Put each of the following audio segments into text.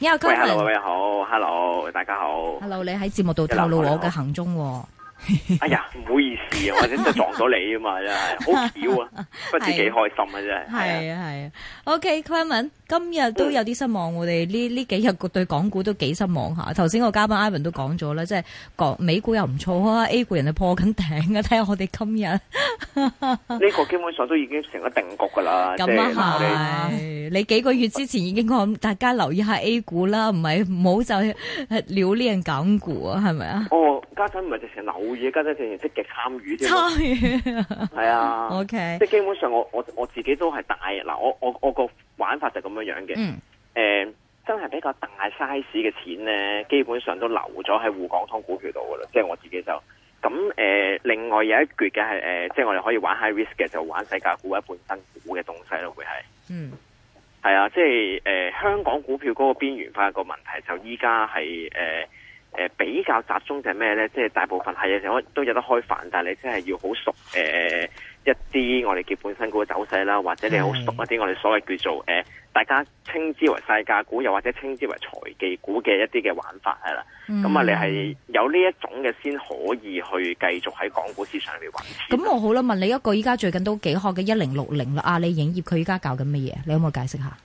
喂，各位好，hello，大家好。hello，你喺節目度透露我嘅行蹤。哎呀，唔好意思啊，或者真係撞到你啊嘛，真係好巧啊，不知幾開心啊真係。係啊係啊。OK，Clement，今日都有啲失望，我哋呢呢幾日對港股都幾失望吓。頭先個嘉賓 Ivan 都講咗啦，即係美股又唔錯啊，A 股人哋破緊頂啊，睇下我哋今日呢個基本上都已經成咗定局噶啦。咁啊你幾個月之前已經講，大家留意下 A 股啦，唔係唔好就留戀港股啊，係咪啊？哦，家陣唔係就成留。而家正係積極參與，參與係啊。O Okay . K，即係基本上我我我自己都係大嗱，我我我個玩法就咁樣樣嘅。嗯。誒、呃，真係比較大 size 嘅錢咧，基本上都留咗喺滬港通股票度噶啦。即係我自己就咁誒、呃，另外有一橛嘅係誒，即係我哋可以玩 high risk 嘅，就玩世界股或者本身股嘅東西咯。會係嗯，係啊，即係誒、呃、香港股票嗰個邊緣化個問題就，就依家係誒。誒、呃，比較集中就係咩咧？即係大部分係有開，都有得開飯，但係你真係要好熟誒、呃、一啲我哋叫本身股嘅走勢啦，或者你好熟一啲我哋所謂叫做誒、呃，大家稱之為世界股，又或者稱之為財技股嘅一啲嘅玩法係啦。咁啊、嗯，你係有呢一種嘅先可以去繼續喺港股市場裏邊玩。咁我好啦，問你一個，依家最近都幾好嘅一零六零啦。阿里影業佢依家搞緊乜嘢？你可唔可以解釋下？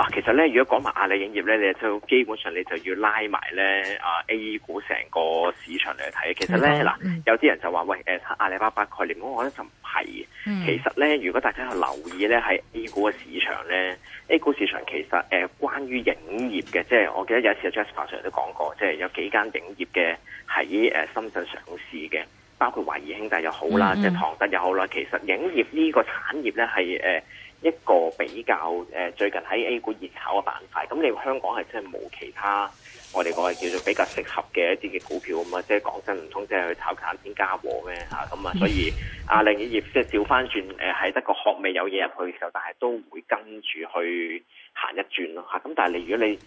啊，其實咧，如果講埋阿里影業咧，你就基本上你就要拉埋咧，啊 A 股成個市場嚟睇。其實咧，嗱、嗯嗯，有啲人就話喂，誒、呃、阿里巴巴概念，我覺得就唔係。其實咧，如果大家有留意咧，喺 A 股嘅市場咧，A 股市場其實誒、呃，關於影業嘅，即係我記得有一次阿 Jasper 上都講過，即係有幾間影業嘅喺誒深圳上市嘅，包括華誼兄弟又好啦，嗯嗯、即係唐德又好啦。其實影業呢個產業咧係誒。一個比較誒，最近喺 A 股熱炒嘅板塊，咁你香港係真係冇其他，我哋嗰係叫做比較適合嘅一啲嘅股票咁啊，即係講真，唔通即係去炒炒啲加禾咩吓咁啊？所以阿里嘅業即係調翻轉誒，係得個殼未有嘢入去嘅時候，但係都會跟住去行一轉咯吓。咁、啊、但係你如果你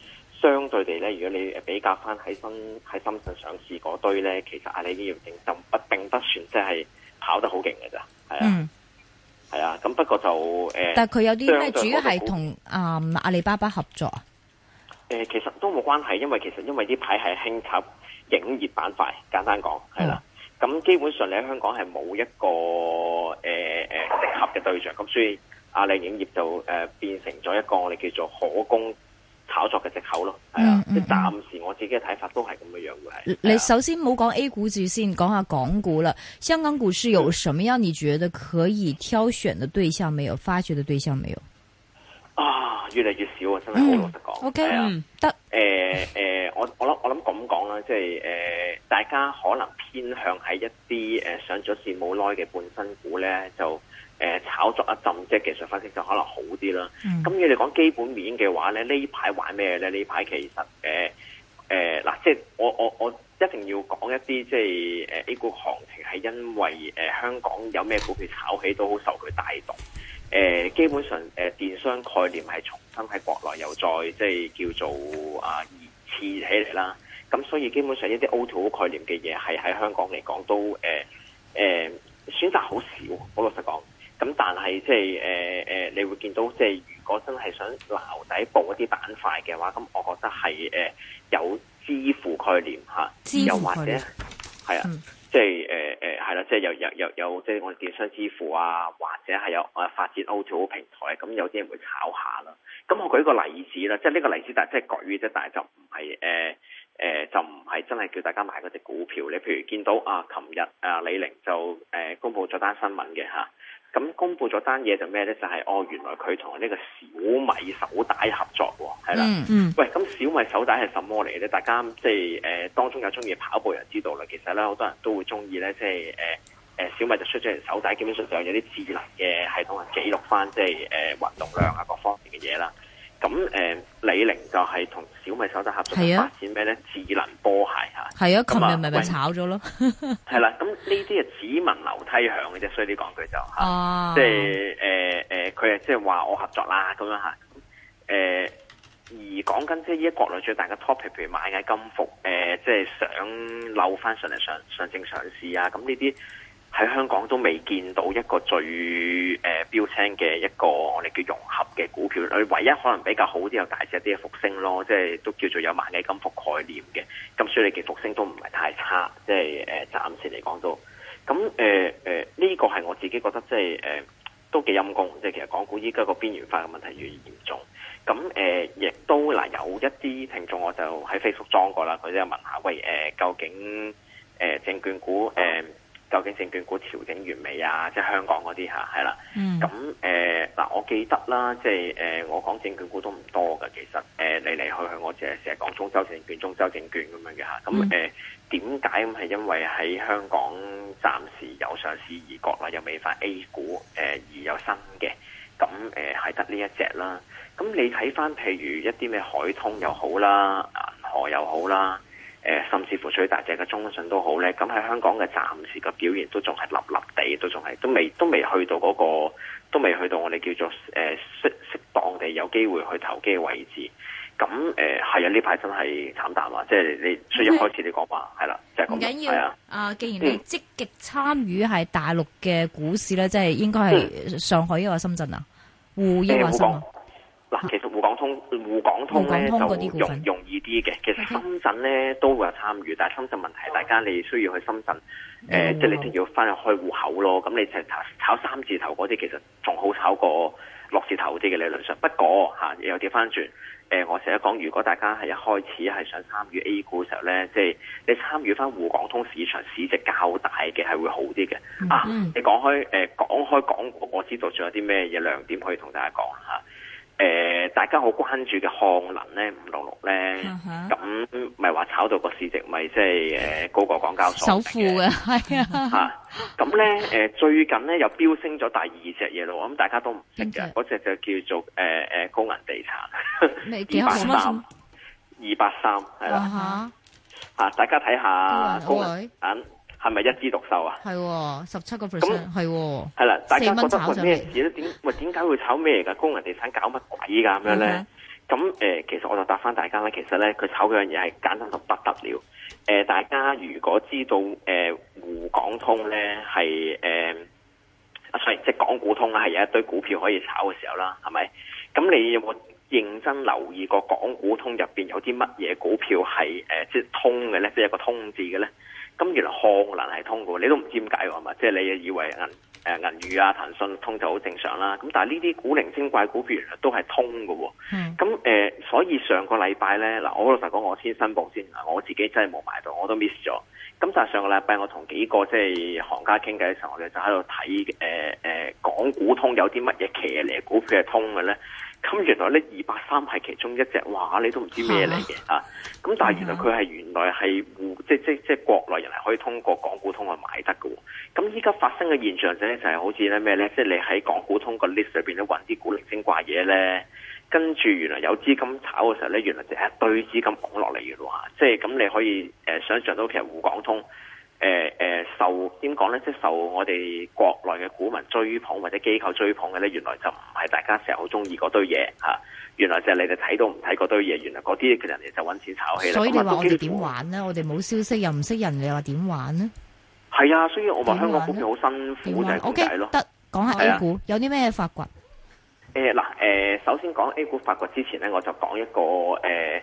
相對地咧，如果你比較翻喺深喺深圳上市嗰堆咧，其實阿里呢條股就並並不算即係跑得好勁嘅咋，係啊。嗯係啊，咁不過就誒，呃、但係佢有啲咧，主要係同啊阿里巴巴合作。誒、呃，其實都冇關係，因為其實因為啲牌係興及影業板塊，簡單講係啦。咁、嗯、基本上你喺香港係冇一個誒誒、呃、適合嘅對象，咁所以阿里影業就誒、呃、變成咗一個我哋叫做可攻。炒作嘅藉口咯。係啊，暫時我自己嘅睇法都係咁嘅樣嘅。你首先冇講 A 股住先，講下港股啦。香港股市有什麼樣你覺得可以挑選嘅對象？沒有發掘的對象？沒有、嗯、啊，越嚟越少啊，真係好老實講。O K，嗯，得誒誒，我我諗我諗咁講啦，即係誒，大家可能偏向喺一啲誒上咗市冇耐嘅半新股咧就。誒炒作一浸，即係技術分析就可能好啲啦。咁如果你講基本面嘅話咧，呢排玩咩咧？呢排其實誒誒嗱，即係我我我一定要講一啲即係誒 A 股行情係因為誒香港有咩股票炒起都好受佢帶動。誒基本上誒電商概念係重新喺國內又再即係叫做啊二次起嚟啦。咁所以基本上一啲 O to O 概念嘅嘢係喺香港嚟講都誒誒選擇好少。我老實講。咁但係即係誒誒，你會見到即係如果真係想撈底補一啲板塊嘅話，咁我覺得係誒有支付概念吓，又或者係啊，即係誒誒係啦，即係有有有有即係我哋電商支付啊，或者係有誒發展 O2O 平台，咁有啲人會炒下啦。咁我舉個例子啦，即係呢個例子但係即係舉啫，但係就唔係誒誒就唔係真係叫大家買嗰隻股票。你譬如見到啊，琴日啊李寧就誒公布咗單新聞嘅吓。咁公布咗單嘢就咩咧？就係、是、哦，原來佢同呢個小米手帶合作喎，係啦。嗯嗯、mm。Hmm. 喂，咁小米手帶係什麼嚟咧？大家即係誒、呃、當中有中意跑步人知道啦。其實咧，好多人都會中意咧，即係誒誒小米就出咗隻手帶，基本上就有啲智能嘅系統嚟記錄翻，即係誒運動量啊，各方面嘅嘢啦。咁誒、呃，李寧就係同小米手仔合作發呢，發展咩咧？智能波鞋嚇，係啊，琴日咪咪炒咗咯，係 啦、啊。咁呢啲係指紋樓梯響嘅啫，所以啲講句就嚇，即係誒誒，佢係即係話我合作啦咁樣嚇。誒、呃，而講緊即係依家國內最大嘅 topic，譬如買嘅金服，誒、呃，即、就、係、是、想扭翻上嚟上上證上市啊，咁呢啲。喺香港都未見到一個最誒標青嘅一個我哋叫融合嘅股票，佢唯一可能比較好啲，有大隻啲嘅復星咯，即係都叫做有萬家金服概念嘅，咁所以你嘅復星都唔係太差，即係誒暫時嚟講都咁誒誒，呢個係我自己覺得即係誒、呃、都幾陰功，即係其實港股依家個邊緣化嘅問題越嚟越嚴重，咁誒、呃、亦都嗱、呃、有一啲聽眾我就喺 Facebook 裝過啦，佢都有問下喂誒、呃、究竟誒、呃、證券股誒？呃究竟證券股調整完未啊？即係香港嗰啲嚇係啦。咁誒嗱，我記得啦，即係誒、呃、我講證券股都唔多㗎，其實誒嚟嚟去去，我淨係成日講中州證券、中州證券咁樣嘅嚇。咁誒點解咁？係因為喺香港暫時有上市，而國內又未發 A 股誒，而、呃、有新嘅。咁誒係得呢一隻啦。咁、嗯、你睇返譬如一啲咩海通又好啦，銀河又好啦。誒，甚至乎，最大隻嘅中信都好咧，咁喺香港嘅暫時嘅表現都仲係立立地，都仲係都未都未去到嗰、那個，都未去到我哋叫做誒適適當地有機會去投機嘅位置。咁誒係啊，呢、呃、排真係慘淡啊！即係你，所以一開始你講話係啦，就係、係咁緊要啊！的既然你積極參與係大陸嘅股市咧，嗯、即係應該係上海依個深圳深、呃、啊，互相關心嗱，其實、啊。滬港通咧就容容易啲嘅，其實深圳咧、哦、都會有參與，但係深圳問題，大家你需要去深圳，誒、哦呃，即係你一定要翻入去開戶口咯。咁你就炒,炒三字頭嗰啲，其實仲好炒過六字頭啲嘅理論上。不過嚇、啊，又跌翻轉。誒、呃，我成日講，如果大家係一開始係想參與 A 股嘅時候咧，即係你參與翻滬港通市場市值較大嘅係會好啲嘅。嗯、啊，你講開誒、呃、講開港股，我知道仲有啲咩嘢亮點可以同大家講嚇。誒、呃，大家好關注嘅漢能咧，五六六咧，咁咪話炒到個市值咪即係誒高過港交所嘅首富、嗯、 啊，係啊，吓咁咧，誒最近咧又飆升咗第二隻嘢咯，咁大家都唔識嘅，嗰隻 就叫做誒誒高銀地產，麼二八三， 二八三係啦，吓、uh，啊、huh。大家睇下高銀。 係咪一枝獨秀啊？係、哦，十七個 percent，係。係啦，大家覺得咩事咧？點喂？點解會炒咩嘅？工人地產搞乜鬼噶咁樣咧？咁誒、 呃，其實我就答翻大家咧，其實咧佢炒嗰樣嘢係簡單到不得了。誒、呃，大家如果知道誒滬、呃、港通咧係誒啊即係港股通係有一堆股票可以炒嘅時候啦，係咪？咁你有冇認真留意過港股通入邊有啲乜嘢股票係誒即係通嘅咧？即係一個通字嘅咧？咁原來漢能係通嘅，你都唔知點解喎，係咪？即係你以為銀誒銀娛啊、騰訊通就好正常啦。咁但係呢啲古靈精怪股票原來都係通嘅。嗯。咁誒、嗯呃，所以上個禮拜咧，嗱，我老實講，我先申報先，我自己真係冇買到，我都 miss 咗。咁、嗯、但係上個禮拜，我同幾個即係行家傾偈嘅時候，我哋就喺度睇誒誒，港股通有啲乜嘢騎呢嘅股票係通嘅咧？咁原來呢二百三係其中一隻，哇！你都唔知咩嚟嘅啊！咁 但係原來佢係原來係滬即即即國內人係可以通過港股通去買得㗎。咁依家發生嘅現象咧、就係，就係、係、好似咧咩咧，即係你喺港股通個 list 裏邊咧揾啲古靈精怪嘢咧，跟住原來有資金炒嘅時候咧，原來就一堆資金拱落嚟，原來即係咁你可以誒、呃、想象到其實滬港通。誒誒、呃，受點講咧，即係受我哋國內嘅股民追捧或者機構追捧嘅咧，原來就唔係大家成日好中意嗰堆嘢吓、啊，原來就係你哋睇到唔睇嗰堆嘢，原來嗰啲人哋就揾錢炒起啦。所以你話我哋點玩咧？我哋冇消息又唔識人，你話點玩呢？係啊，所以我話香港股票好辛苦就係咁解咯。得講行下 A 股是、啊、有啲咩發掘？誒嗱、啊，誒、呃呃，首先講 A 股發掘之前咧，我就講一個誒。呃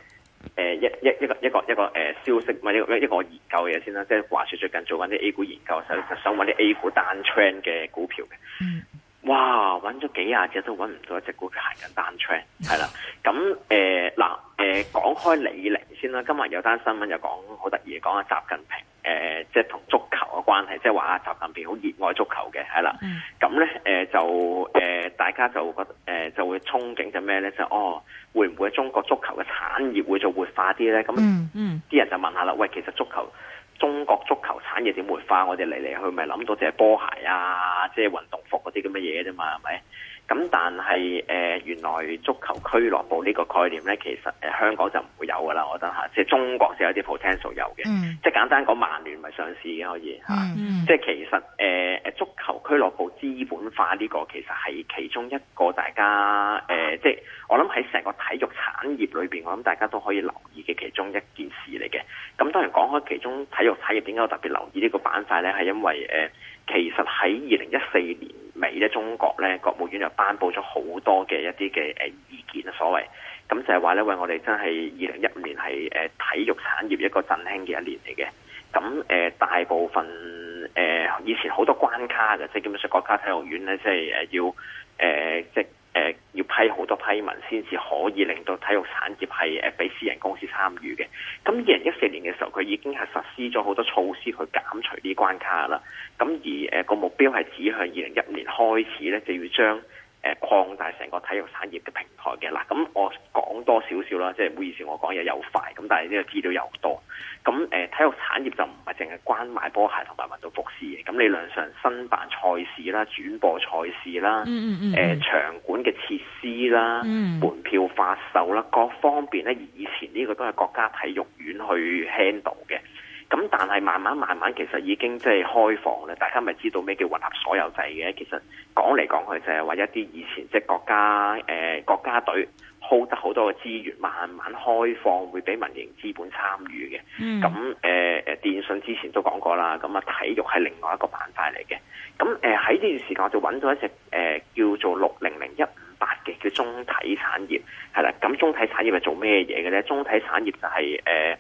誒，一一一個一個一個誒消息，唔係一一個，一個，一個研究嘢先啦。即係話說最近做緊啲 A 股研究，想想搵啲 A 股單 trend 嘅股票嘅。嗯。哇，搵咗幾廿隻都搵唔到一隻股票行緊單 trend，係啦。咁誒嗱，誒、呃、講、呃呃、開李寧先啦。今日有單新聞又講好得意嘅，講阿習近平誒、呃，即係同足球嘅關係，即係話阿習近平好熱愛足球嘅，係啦。咁咧、嗯，誒、呃、就誒、呃、大家就覺誒、呃、就會憧憬嘅咩咧？就是、哦，會唔會中國足球嘅？專業會做活化啲咧，咁啲人就問下啦，喂， 其實足球中國足球產業點活化？我哋嚟嚟去去咪諗到只係波鞋啊，即係運動服嗰啲咁嘅嘢啫嘛，係 咪？咁但係誒、呃、原來足球俱樂部呢個概念咧，其實誒、呃、香港就唔會有噶啦，我覺得嚇。即、啊、係中國就有啲 potential 有嘅，mm hmm. 即係簡單講，曼聯咪上市嘅可以嚇。啊 mm hmm. 即係其實誒誒、呃、足球俱樂部資本化呢個其實係其中一個大家誒、呃，即係我諗喺成個體育產業裏邊，我諗大家都可以留意嘅其中一件事嚟嘅。咁當然講開其中體育產業點解我特別留意個呢個板塊咧，係因為誒、呃、其實喺二零一四年。美咧，中國咧，國務院就頒布咗好多嘅一啲嘅誒意見啊，所謂咁就係話咧，為我哋真係二零一五年係誒、呃、體育產業一個振興嘅一年嚟嘅，咁誒、呃、大部分誒、呃、以前好多關卡嘅，即係基本上國家體育院咧，即係誒要誒、呃、即。誒、呃、要批好多批文先至可以令到體育產業係誒俾私人公司參與嘅。咁二零一四年嘅時候，佢已經係實施咗好多措施去減除啲關卡啦。咁而誒個、呃、目標係指向二零一五年開始咧，就要將。誒擴大成個體育產業嘅平台嘅嗱，咁我講多少少啦，即係唔好意思，我講嘢又快，咁但係呢個資料又多，咁、嗯、誒、呃、體育產業就唔係淨係關賣波鞋同埋運動服飾嘅，咁你量上新辦賽事啦、轉播賽事啦、誒、呃、場館嘅設施啦、門票發售啦，各方面咧，以前呢個都係國家體育院去 handle 嘅。咁但係慢慢慢慢，其實已經即係開放咧。大家咪知道咩叫混合所有制嘅？其實講嚟講去就係話一啲以前即係國家誒、呃、國家隊 hold 得好多嘅資源，慢慢開放會俾民營資本參與嘅。咁誒誒，電信之前都講過啦。咁啊，體育係另外一個板塊嚟嘅。咁誒喺呢段時間我就揾到一隻誒、呃、叫做六零零一五八嘅叫中體產業，係啦。咁中體產業係做咩嘢嘅咧？中體產業就係、是、誒。呃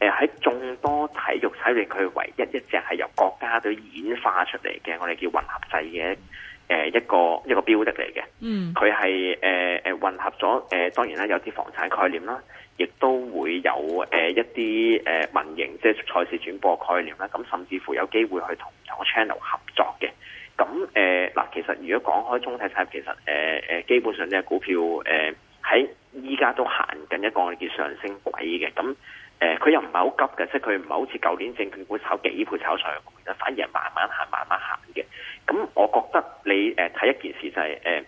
誒，喺眾多體育產業佢唯一一隻係由國家隊演化出嚟嘅，我哋叫混合制嘅，誒一個、mm. 一個標的嚟嘅。嗯，佢係誒誒混合咗誒、呃，當然啦，有啲房產概念啦，亦都會有誒一啲誒民營，即係賽事轉播概念啦。咁、嗯、甚至乎有機會去同某個 channel 合作嘅。咁誒嗱，其實如果講開中體產業，其實誒誒、呃、基本上呢，股票誒喺依家都行緊一個我哋叫上升軌嘅。咁、嗯誒佢、呃、又唔係好急嘅，即係佢唔係好似舊年證券股炒幾倍炒上去，反而係慢慢行慢慢行嘅。咁我覺得你誒睇一件事就係誒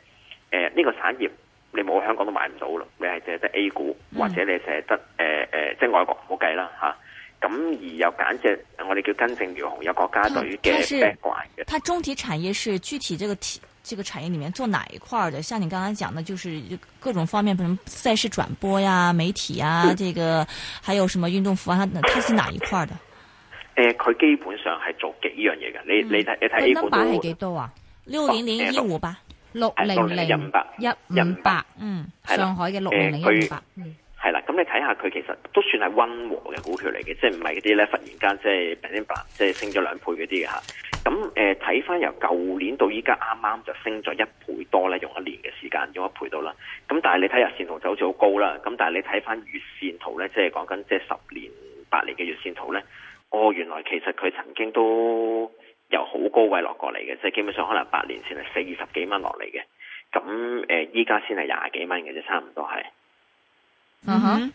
誒呢個產業你冇香港都買唔到咯，你係淨係得 A 股或者你淨係得誒誒、呃呃、即係外國唔好計啦嚇。咁、啊、而又揀隻，我哋叫根正苗紅有國家隊嘅 back 嘅，它，的它中體產業是具體這個體。這個產業裏面做哪一塊嘅？像你剛才講的，就是各種方面，比如賽事轉播呀、啊、媒體呀、啊，這個還有什麼運動服啊，它是哪一塊的？誒、嗯，佢、嗯、基本上係做幾樣嘢嘅。你你睇你睇呢本係幾多啊六零零一五八、嗯啦嗯、六零零一五八一五八嗯，上海嘅六零零一五八。係啦，咁你睇下佢其實都算係温和嘅股票嚟嘅，即係唔係嗰啲咧，忽然間即係零八即係升咗兩倍嗰啲嘅吓。咁誒，睇翻、呃、由舊年到依家啱啱就升咗一倍多咧，用一年嘅時間，用一倍到啦。咁但係你睇日線圖就好似好高啦。咁但係你睇翻月線圖咧，即係講緊即係十年、八年嘅月線圖咧。哦，原來其實佢曾經都由好高位落過嚟嘅，即係基本上可能八年前係四十幾蚊落嚟嘅。咁誒，依家先係廿幾蚊嘅啫，差唔多係。Uh huh. 嗯哼。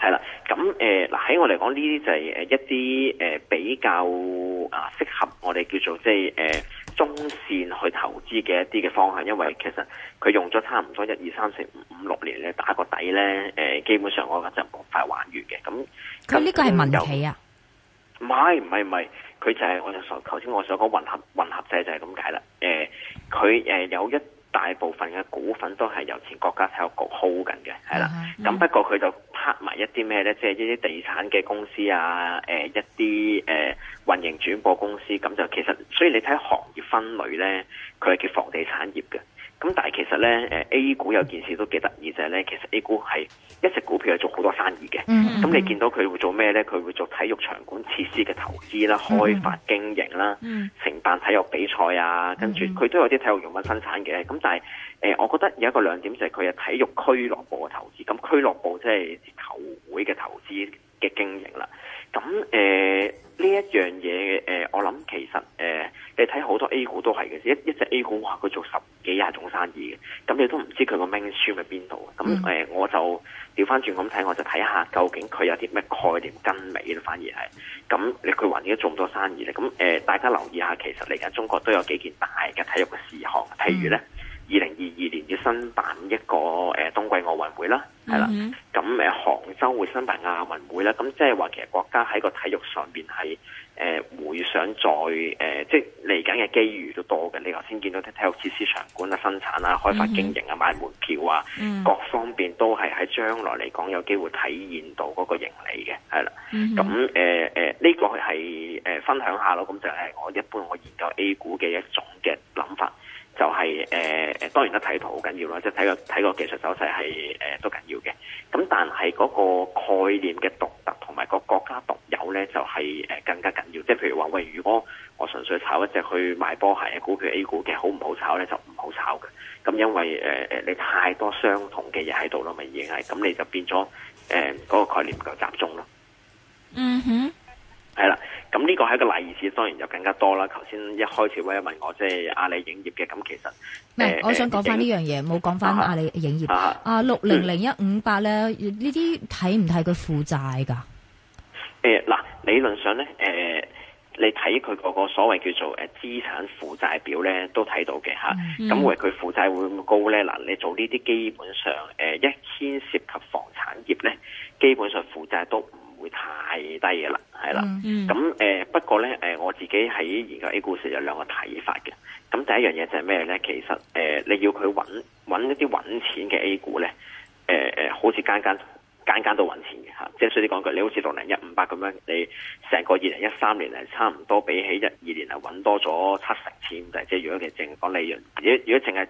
係啦。咁誒，嗱、呃、喺我嚟講呢啲就係誒一啲誒、呃、比較。啊，適合我哋叫做即係誒、呃、中線去投資嘅一啲嘅方向，因為其實佢用咗差唔多一二三四五五六年咧打個底咧，誒、呃、基本上我真係冇快還完嘅。咁佢呢個係民企啊？唔係唔係唔係，佢就係、是、我哋頭先我所講混合混合制就係咁解啦。誒、呃，佢誒、呃、有一。大部分嘅股份都係由前國家體育局 hold 緊嘅，係啦。咁、mm hmm. 不過佢就拍埋一啲咩呢？即係一啲地產嘅公司啊，誒、呃、一啲誒運營轉播公司。咁就其實，所以你睇行業分類呢，佢係叫房地產業嘅。咁但係其實呢誒 A 股有件事都幾得意就係呢。其實 A 股係一隻股票係做好多生意嘅。咁、mm hmm. 你見到佢會做咩呢？佢會做體育場館設施嘅投資啦、開發經營啦、成、mm。Hmm. Mm hmm. 辦、mm hmm. 體育比賽啊，跟住佢都有啲體育用品生產嘅，咁但係誒、呃，我覺得有一個亮點就係佢係體育俱樂部嘅投資，咁俱樂部即係球會嘅投資嘅經營啦。咁誒呢一樣嘢誒，我諗其實誒、呃，你睇好多 A 股都係嘅，一一隻 A 股話佢做十幾廿種生意嘅，咁你都唔知佢個 mainstream 喺邊度。咁誒、mm hmm. 嗯呃，我就。調翻轉咁睇，我就睇下究竟佢有啲咩概念跟尾。反而係咁，你佢還啲做唔多生意咧。咁誒、呃，大家留意下，其實嚟緊中國都有幾件大嘅體育嘅事項，譬如呢，二零二二年要申辦一個誒、呃、冬季奧運會啦，係、mm hmm. 啦。咁誒，杭州會申辦亞運會啦。咁即係話其實國家喺個體育上邊係誒，會想再誒，即係嚟緊嘅機遇都多嘅。你頭先見到啲體育設施場館啊、生產啊、開發經營啊、買門票啊，各方面都係喺將來嚟講有機會體現到嗰個盈利嘅，係啦。咁誒誒，呢個係誒分享下咯。咁就係我一般我研究 A 股嘅一種嘅諗法。就係誒誒，當然咧睇圖好緊要咯，即係睇個睇個技術走勢係誒、呃、都緊要嘅。咁但係嗰個概念嘅獨特同埋個國家獨有咧，就係、是、誒更加緊要。即係譬如話，喂，如果我純粹炒一隻去賣波鞋嘅股票 A 股嘅，好唔好炒咧？就唔好炒嘅。咁因為誒誒、呃，你太多相同嘅嘢喺度咯，咪已經係咁，你就變咗誒嗰個概念唔夠集中咯。嗯哼。咁呢個係一個例子，當然就更加多啦。頭先一開始威一問我即係阿里影業嘅，咁其實唔係，哦呃、我想講翻呢樣嘢，冇講翻阿里影業啊。六零零一五八咧，呢啲睇唔睇佢負債噶？誒、嗯哼，嗱，理論上咧，誒、呃，你睇佢嗰個所謂叫做誒資產負債表咧，都睇到嘅吓。咁為佢負債會咁高咧？嗱、呃，你做呢啲基本上，誒、呃，一牽涉及房產業咧，基本上負債都唔會太低嘅啦，係啦，咁誒、嗯嗯呃，不過呢，誒、呃，我自己喺研究 A 股市有兩個睇法嘅。咁第一樣嘢就係咩呢？其實誒、呃，你要佢揾搵一啲揾錢嘅 A 股呢，誒、呃、誒，好似間間間間都揾錢嘅吓。即係所以講句，你好似六零一五八咁樣，你成個二零一三年係差唔多，比起一二年係揾多咗七成錢，但即係如果佢淨講利潤，如果如果淨係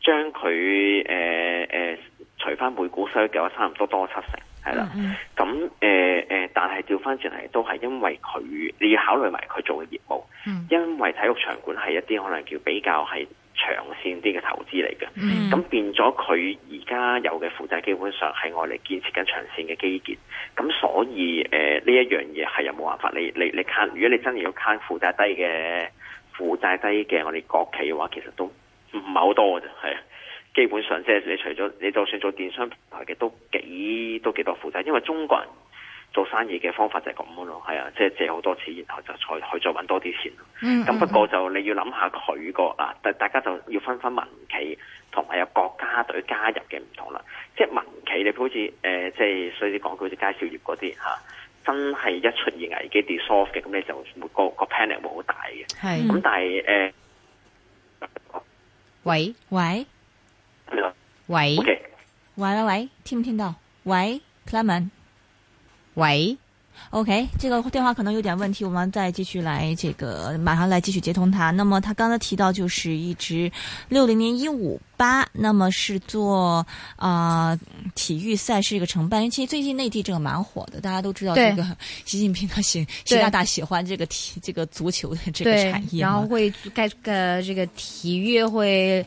將佢誒誒除翻每股收益嘅話，差唔多多七成。係啦，咁誒誒，但係調翻轉嚟，都係因為佢你要考慮埋佢做嘅業務，mm hmm. 因為體育場館係一啲可能叫比較係長線啲嘅投資嚟嘅，咁、mm hmm. 變咗佢而家有嘅負債基本上係我哋建設緊長線嘅基建，咁所以誒呢、呃、一樣嘢，係有冇辦法，你你你慳，如果你真係要慳負債低嘅負債低嘅我哋國企嘅話，其實都唔係好多嘅啫，係。基本上即係你除咗你就算做電商平台嘅都幾都幾多負債，因為中國人做生意嘅方法就係咁樣咯，係啊，即、就、係、是、借好多錢，然後就再去再搵多啲錢咁、嗯嗯嗯、不過就你要諗下佢個嗱，大大家就要分分民企同埋有國家隊加入嘅唔同啦。即係民企你好似誒，即係所以講佢啲介紹業嗰啲嚇，真係一出現危機 dissolve 嘅，咁你就、那個、那個 panic 會好大嘅。係咁是，嗯、但係誒，喂、呃、喂。喂喂，喂喂喂，聽唔聽到？喂 Clement 喂，OK，這個電話可能有點問題，我們再繼續來，這個馬上來繼續接通他。那麼他剛才提到就是一隻六零零一五八，那麼是做啊、呃、體育賽事一個承辦，因為其實最近內地這個蠻火的，大家都知道這個對習近平他喜習，對習大大喜歡這個體這個足球的這個產業嘛，然後會蓋個這個體育會。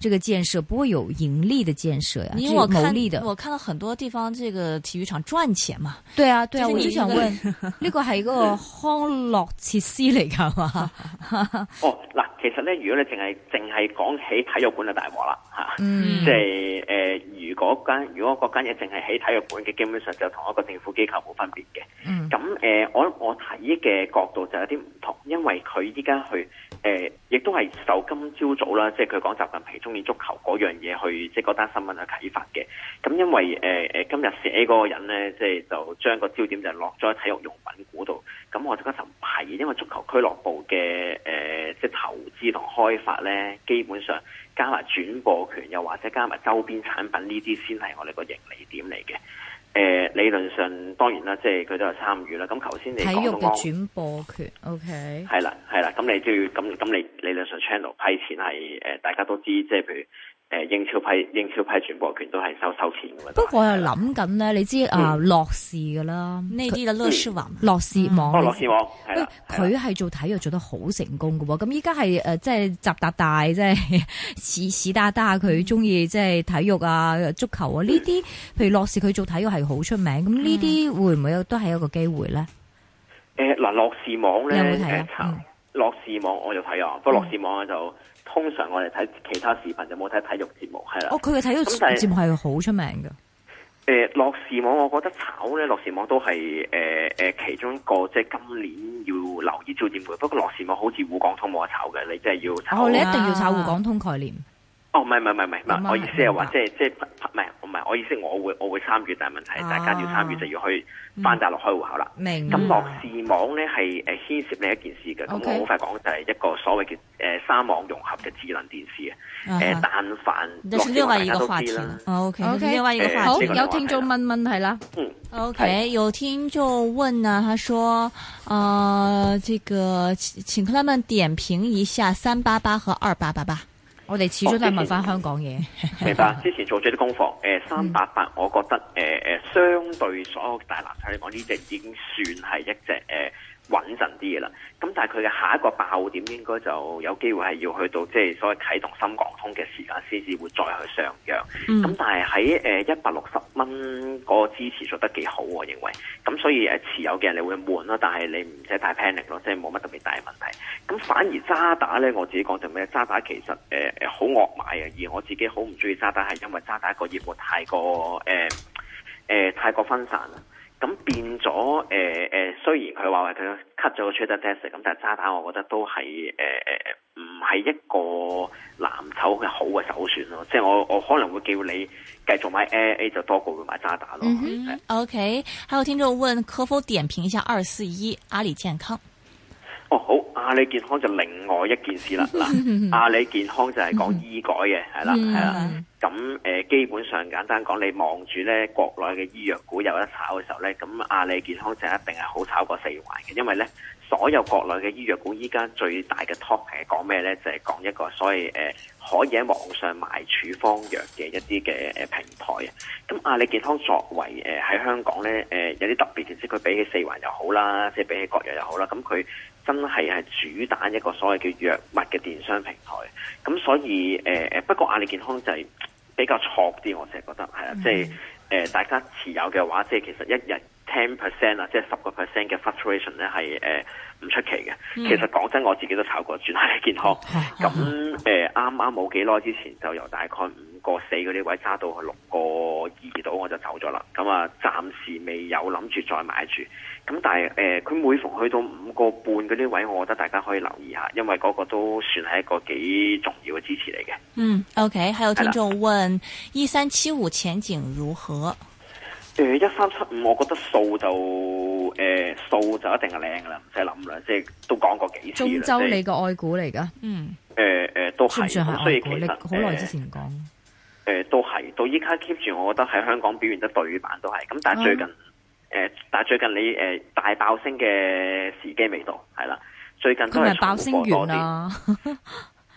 這個建設不會有盈利的建設呀，啊，因為謀利的。我看到很多地方這個體育場賺錢嘛。對啊，對啊，就我就想問，呢，這個係嗰 個康樂設施嚟噶嘛？哦，嗱，其實呢，如果你淨係淨係講起體育館嘅大鑊啦，吓，嗯，即係誒，如果間如果嗰間嘢淨係喺體育館嘅，基本上就同一個政府機構冇分別嘅。咁誒，嗯嗯嗯嗯呃，我我睇嘅角度就有啲唔同，因為佢依家去。誒、呃，亦都係受今朝早啦，即係佢講習近平中意足球嗰樣嘢，即去即係嗰單新聞嘅啟發嘅。咁因為誒誒、呃，今日寫嗰個人咧，即係就將個焦點就落咗喺體育用品股度。咁我覺得就唔係，因為足球俱樂部嘅誒、呃，即係投資同開發咧，基本上加埋轉播權，又或者加埋周邊產品呢啲，先係我哋個盈利點嚟嘅。誒、呃、理論上當然啦，即係佢都有參與啦。咁頭先你講嘅轉播權，OK，係啦係啦。咁你都要咁咁，你理論上 channel 批錢係誒，大家都知，即係譬如。誒，英超派英超派轉播權都係收收錢嘅。不過我諗緊咧，你知啊，樂視嘅啦，呢啲都係新聞。樂視網，樂視網，佢係做體育做得好成功嘅喎。咁依家係誒，即係習大大，即係是屎噠噠，佢中意即係體育啊、足球啊呢啲。譬如樂視佢做體育係好出名，咁呢啲會唔會有都係一個機會咧？誒，嗱，樂視網咧，有冇睇樂視網我就睇啊，不過樂視網就。通常我哋睇其他視頻就冇睇體育節目，係啦。哦，佢嘅體育節目係好出名嘅。誒、欸，樂視網我覺得炒咧，樂視網都係誒誒其中一個即係今年要留意焦點股。不過樂視網好似滬港通冇得炒嘅，你即係要炒。哦，你一定要炒滬港通概念。啊。哦，唔係唔係唔係唔係，我意思係話即係即係唔係，唔係我意思，我會我會參與，但係問題大家要參與就要去返大陸開戶口啦。明。咁樂視網咧係誒牽涉另一件事嘅，咁我好快講就係一個所謂嘅誒三網融合嘅智能電視啊。誒，但凡樂視網，大家都知啦。OK，OK，另外一個話題。好，有聽眾問問題啦。嗯。OK，有聽眾問啊，佢說，啊，這個請佢哋點評一下三八八和二八八八。我哋始終都係問翻香港嘢。哦、 明白，之前做咗啲功課。誒、呃，三八八，我覺得誒誒、呃，相對所有大藍籌嚟講，呢隻已經算係一隻誒。呃穩陣啲嘅啦，咁、嗯、但係佢嘅下一個爆點應該就有機會係要去到即係所謂啟動深港通嘅時間，先至會再去上揚。咁但係喺誒一百六十蚊嗰個支持做得幾好，啊，我認為。咁所以誒持有嘅人你會悶啦，但係你唔使帶 panic 咯，即係冇乜特別大嘅問題。咁反而渣打咧，我自己講就咩？渣打其實誒誒好惡買啊，而我自己好唔中意渣打係因為渣打個業務太過誒誒、呃呃、太過分散啦。咁變咗誒誒，雖然佢話為佢 cut 咗個 trade test，咁但係渣打，我覺得都係誒誒，唔、呃、係、呃、一個藍籌嘅好嘅首選咯。即係我我可能會叫你繼續買 A A 就多過會買渣打咯。嗯、哼是 OK，還有聽眾問，可否點評一下二四一阿里健康？哦，好！阿、啊、里健康就另外一件事啦。嗱、 啊，阿里健康就係講醫改嘅，係啦， 係啦。咁誒、呃，基本上簡單講，你望住咧國內嘅醫藥股有得炒嘅時候咧，咁阿里健康就一定係好炒過四環嘅，因為咧所有國內嘅醫藥股依家最大嘅 talk 係講咩咧？就係、是、講一個所以誒、呃、可以喺網上買處方藥嘅一啲嘅誒平台、嗯、啊。咁阿里健康作為誒喺香港咧誒、呃呃、有啲特別，即係佢比起四環又好啦，即係比起國藥又好啦，咁佢。真係係主打一個所謂叫藥物嘅電商平台，咁所以誒誒，不過阿里健康就係比較挫啲，我成日覺得係啊，即係誒大家持有嘅話，即係其實一日。ten percent 啊，即係十個 percent 嘅 fluctuation 呢係唔、呃、出奇嘅。嗯、其實講真，我自己都炒過，主要係健康。咁誒啱啱冇幾耐之前，就由大概五個四嗰啲位揸到去六個二度，我就走咗啦。咁、嗯、啊，暫時未有諗住再買住。咁但係誒，佢、呃、每逢去到五個半嗰啲位，我覺得大家可以留意下，因為嗰個都算係一個幾重要嘅支持嚟嘅。嗯，OK，還有聽眾問一三七五前景如何？誒，呃75，呃、一三七五，我覺得數就誒數就一定係靚噶啦，唔使諗啦，即係都講過幾次啦。中州你個愛股嚟噶，嗯。誒誒，都係，所以其實誒，好耐之前講，都係到依家 keep 住，我覺得喺香港表現得對版都係咁。但係最近誒、啊呃，但係最近你誒、呃、大爆升嘅時機未到，係啦。最近都係爆升完啦。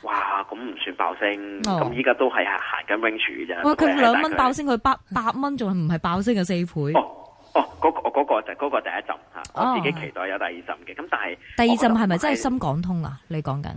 哇，咁唔算爆升，咁依家都係行行緊 range 嘅啫。哇、哦，佢兩蚊爆升，佢八八蚊仲係唔係爆升嘅四倍？哦哦，嗰、哦嗰個、嗰個就、嗰個第一浸吓，哦、我自己期待有第二浸嘅。咁但係第二浸係咪真係深港通啊？你講緊？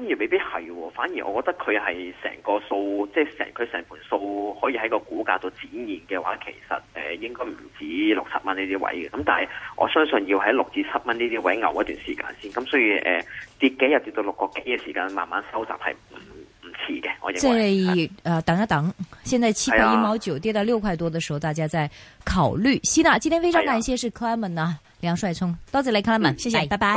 咁未必係，反而我覺得佢係成個數，即係成佢成盤數可以喺個股價度展現嘅話，其實誒應該唔止六七蚊呢啲位嘅。咁但係我相信要喺六至七蚊呢啲位牛一段時間先。咁所以誒、呃、跌幾日跌到六個幾嘅時間，慢慢收集係唔遲嘅。我認為。即係誒等一等，現在七塊一毛九跌到六塊多嘅時候，大家再考慮。希娜、啊，今天非常感謝是 Clement 啊，梁帥聰，多謝你，Clement，嗯、謝謝，拜拜。